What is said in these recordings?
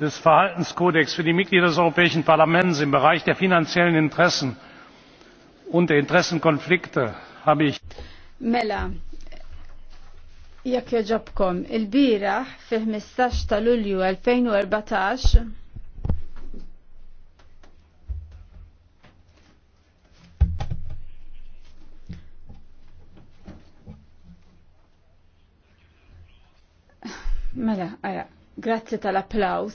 des Verhaltenskodex für die Mitglieder des Europäischen Parlaments im Bereich der finanziellen Interessen und der Interessenkonflikte habe ich. Mela, jekk joġobkom il bieraħ fi 15 ta' Lulju 2014 Mela, għajak. Grazzi tal-applaus.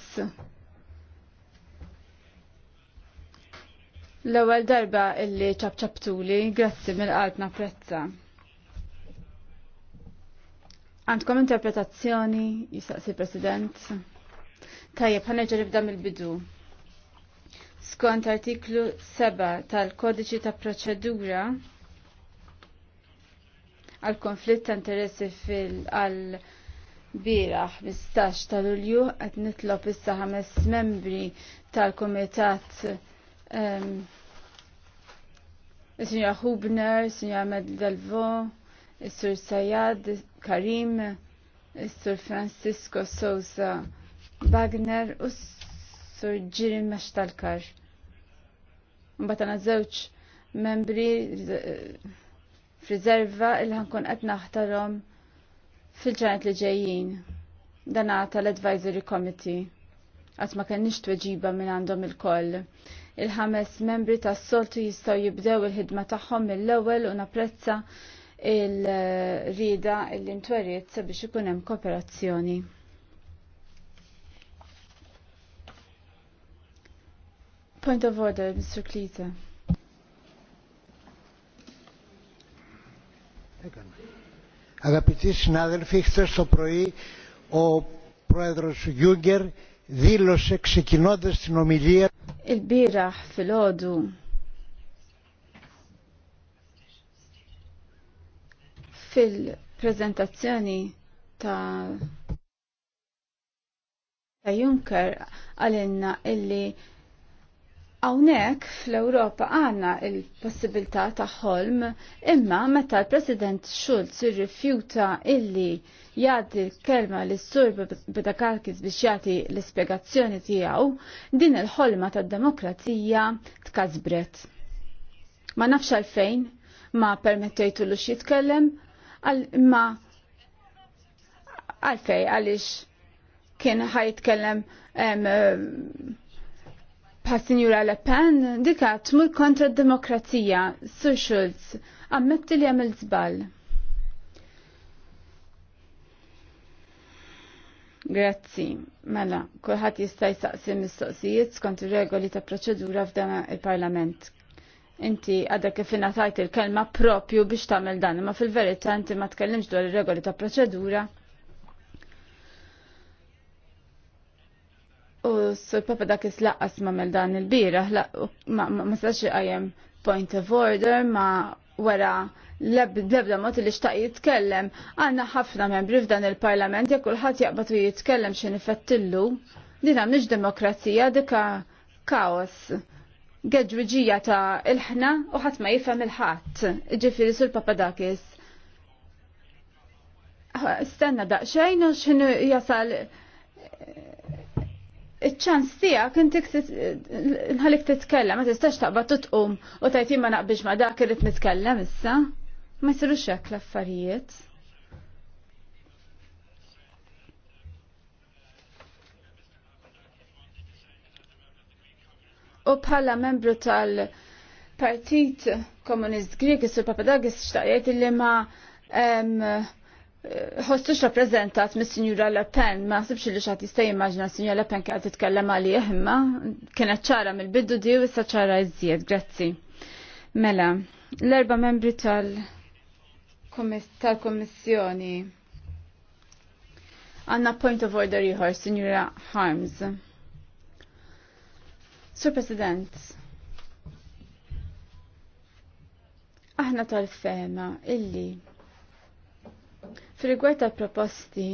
L-ewwel darba illi ċabċabtuli, grazzi mill-qalb napprezza. Għandkom interpretazzjoni, jistaqsi President. Tajjeb, ħanġa' nibda mill-bidu. Skont artiklu 7 tal-Kodiċi ta' Proċedura, għal konflitt ta' interessi fil għal Biraħ, 15 ta' Lulju qed nitlob issa ħames membri tal-Kumitat Is-Sinja Hubner, Sinja Ahmed Delvo, Is-Sur Sajad, Karim, Is-Sur Francisco Sousa Wagner u Sur Ġiri Mashtalkar. Mbagħad għandna żewġ membri eh, f'Rizerva il ħankun qed naħtarhom fil ġanet li ġejjin dan għata l-Advisory Committee għat ma kenniex tweġiba minn għandhom il-koll. Il-ħames membri tas soltu jistaw jibdew il-ħidma tagħhom mill-ewwel u napprezza il-rida l-intweriet sabiex ikun hemm kooperazzjoni. Point of order, Mr. Klita. Αγαπητοί συνάδελφοι, χθε το πρωί ο πρόεδρο Γιούγκερ δήλωσε ξεκινώντα την ομιλία Ελπίρα, φιλόδου. Φιλ, πρεζεντατσιόνι, τα prezentazzjoni ta' ta' Juncker għalinna illi Hawnhekk fl-Ewropa għandna il-possibilità ta' imma meta l-President Schulz irrifjuta illi jgħaddi kelma l sur Bedakalkis biex jagħti l-ispjegazzjoni tiegħu, din il-ħolma tad-demokrazija tkazbret. Ma nafx għalfejn, ma permettejtu l jitkellem, ma għalfej għalix kien ħajtkellem pa' Sinjura Le Pen dikat tmur kontra d-demokrazija, Sur Schulz, ammetti li għamil zbal. Grazzi, mela, kullħat jista' jistaqsi mistoqsijiet skont ir-regoli ta' proċedura f'dan il-Parlament. Inti għadha kif ingħatajt il-kelma propju biex tagħmel dan, imma fil-verità inti ma tkellimx dwar ir-regoli ta' proċedura Papa dak laqqas ma' mel dan il-bira, ma' sax għajem point of order, ma' wara l-ebda mot li xtaq jitkellem. Għanna ħafna membri f'dan il-parlament, jek kulħadd jaqbad u jitkellem xin ifettillu. Dina mnix demokrazija, dika kaos. Gedriġija ta' il-ħna u ħadd ma jifhem il-ħadd. Ġifieri sur Papadakis. Stenna daqsxejn u xinu jasal iċ-ċans tiegħek inti nħalik titkellem, ma tistax taqbad tutqum u tajti ma naqbix ma dak irid nitkellem issa. Ma jsirux hekk l-affarijiet. U bħala membru tal- Partit Komunist Grieg, Sur Papadagis, xtaqjiet li ma ħossux rappresentat mis signora Le Pen, ma sibx li xaħt jistaj immaġna signora Le Pen kħat titkellem għalli imma, kienet ċara mill-biddu di u issa ċara jizziet, grazzi. Mela, l-erba membri tal-komissjoni. Għanna point of order jħor, signora Harms. Sur President, aħna tal-fema illi Fil-rigward proposti